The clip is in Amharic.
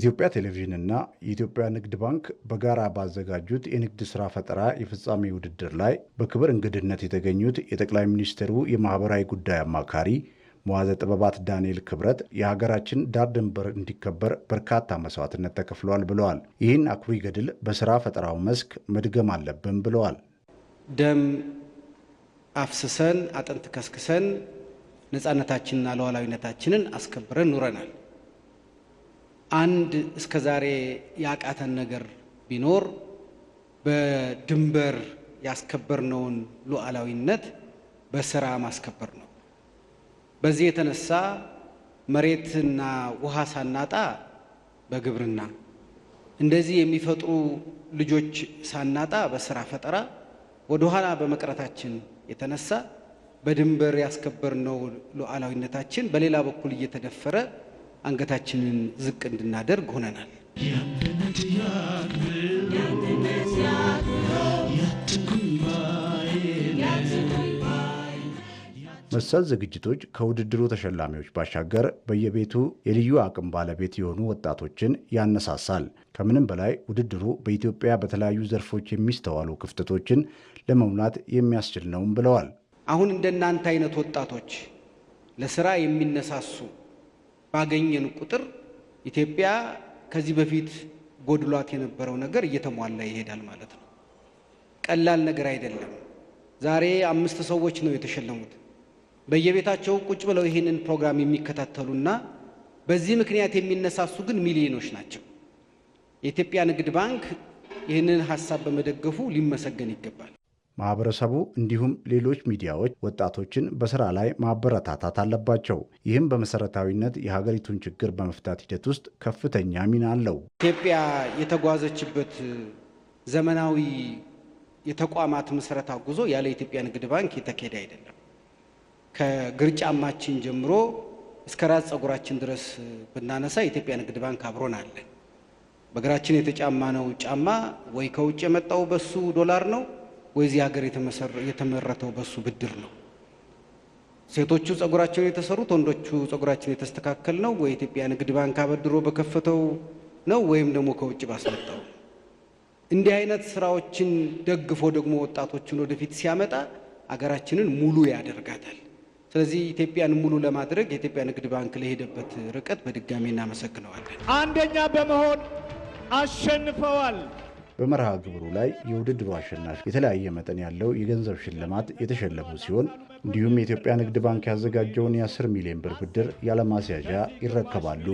ኢትዮጵያ ቴሌቪዥን የኢትዮጵያ ንግድ ባንክ በጋራ ባዘጋጁት የንግድ ሥራ ፈጠራ የፍጻሜ ውድድር ላይ በክብር እንግድነት የተገኙት የጠቅላይ ሚኒስትሩ የማኅበራዊ ጉዳይ አማካሪ መዋዘ ጥበባት ዳንኤል ክብረት የሀገራችን ዳር ድንበር እንዲከበር በርካታ መስዋዕትነት ተከፍሏል ብለዋል። ይህን አኩሪ ገድል በሥራ ፈጠራው መስክ መድገም አለብን ብለዋል። ደም አፍስሰን አጥንት ከስክሰን ነፃነታችንና ሉዓላዊነታችንን አስከብረን ኑረናል። አንድ እስከ ዛሬ ያቃተን ነገር ቢኖር በድንበር ያስከበርነውን ሉዓላዊነት በስራ ማስከበር ነው። በዚህ የተነሳ መሬትና ውሃ ሳናጣ በግብርና እንደዚህ የሚፈጥሩ ልጆች ሳናጣ በስራ ፈጠራ ወደ ኋላ በመቅረታችን የተነሳ በድንበር ያስከበርነው ሉዓላዊነታችን በሌላ በኩል እየተደፈረ አንገታችንን ዝቅ እንድናደርግ ሆነናል። መሰል ዝግጅቶች ከውድድሩ ተሸላሚዎች ባሻገር በየቤቱ የልዩ አቅም ባለቤት የሆኑ ወጣቶችን ያነሳሳል። ከምንም በላይ ውድድሩ በኢትዮጵያ በተለያዩ ዘርፎች የሚስተዋሉ ክፍተቶችን ለመሙላት የሚያስችል ነውም ብለዋል። አሁን እንደ እናንተ አይነት ወጣቶች ለስራ የሚነሳሱ ባገኘን ቁጥር ኢትዮጵያ ከዚህ በፊት ጎድሏት የነበረው ነገር እየተሟላ ይሄዳል ማለት ነው። ቀላል ነገር አይደለም። ዛሬ አምስት ሰዎች ነው የተሸለሙት። በየቤታቸው ቁጭ ብለው ይህንን ፕሮግራም የሚከታተሉና በዚህ ምክንያት የሚነሳሱ ግን ሚሊዮኖች ናቸው። የኢትዮጵያ ንግድ ባንክ ይህንን ሀሳብ በመደገፉ ሊመሰገን ይገባል። ማህበረሰቡ እንዲሁም ሌሎች ሚዲያዎች ወጣቶችን በስራ ላይ ማበረታታት አለባቸው። ይህም በመሰረታዊነት የሀገሪቱን ችግር በመፍታት ሂደት ውስጥ ከፍተኛ ሚና አለው። ኢትዮጵያ የተጓዘችበት ዘመናዊ የተቋማት ምስረታ ጉዞ ያለ ኢትዮጵያ ንግድ ባንክ የተካሄደ አይደለም። ከግርጫማችን ጀምሮ እስከ ራስ ጸጉራችን ድረስ ብናነሳ የኢትዮጵያ ንግድ ባንክ አብሮን አለ። በእግራችን የተጫማነው ጫማ ወይ ከውጭ የመጣው በሱ ዶላር ነው ወይዚህ ሀገር የተመረተው በሱ ብድር ነው። ሴቶቹ ጸጉራቸውን የተሰሩት ወንዶቹ ጸጉራችን የተስተካከል ነው ወይ ኢትዮጵያ ንግድ ባንክ አበድሮ በከፈተው ነው ወይም ደግሞ ከውጭ ባስመጣው። እንዲህ አይነት ስራዎችን ደግፎ ደግሞ ወጣቶችን ወደፊት ሲያመጣ አገራችንን ሙሉ ያደርጋታል። ስለዚህ ኢትዮጵያን ሙሉ ለማድረግ የኢትዮጵያ ንግድ ባንክ ለሄደበት ርቀት በድጋሚ እናመሰግነዋለን። አንደኛ በመሆን አሸንፈዋል። በመርሃ ግብሩ ላይ የውድድሩ አሸናፊ የተለያየ መጠን ያለው የገንዘብ ሽልማት የተሸለሙ ሲሆን እንዲሁም የኢትዮጵያ ንግድ ባንክ ያዘጋጀውን የ10 ሚሊዮን ብር ብድር ያለማስያዣ ይረከባሉ።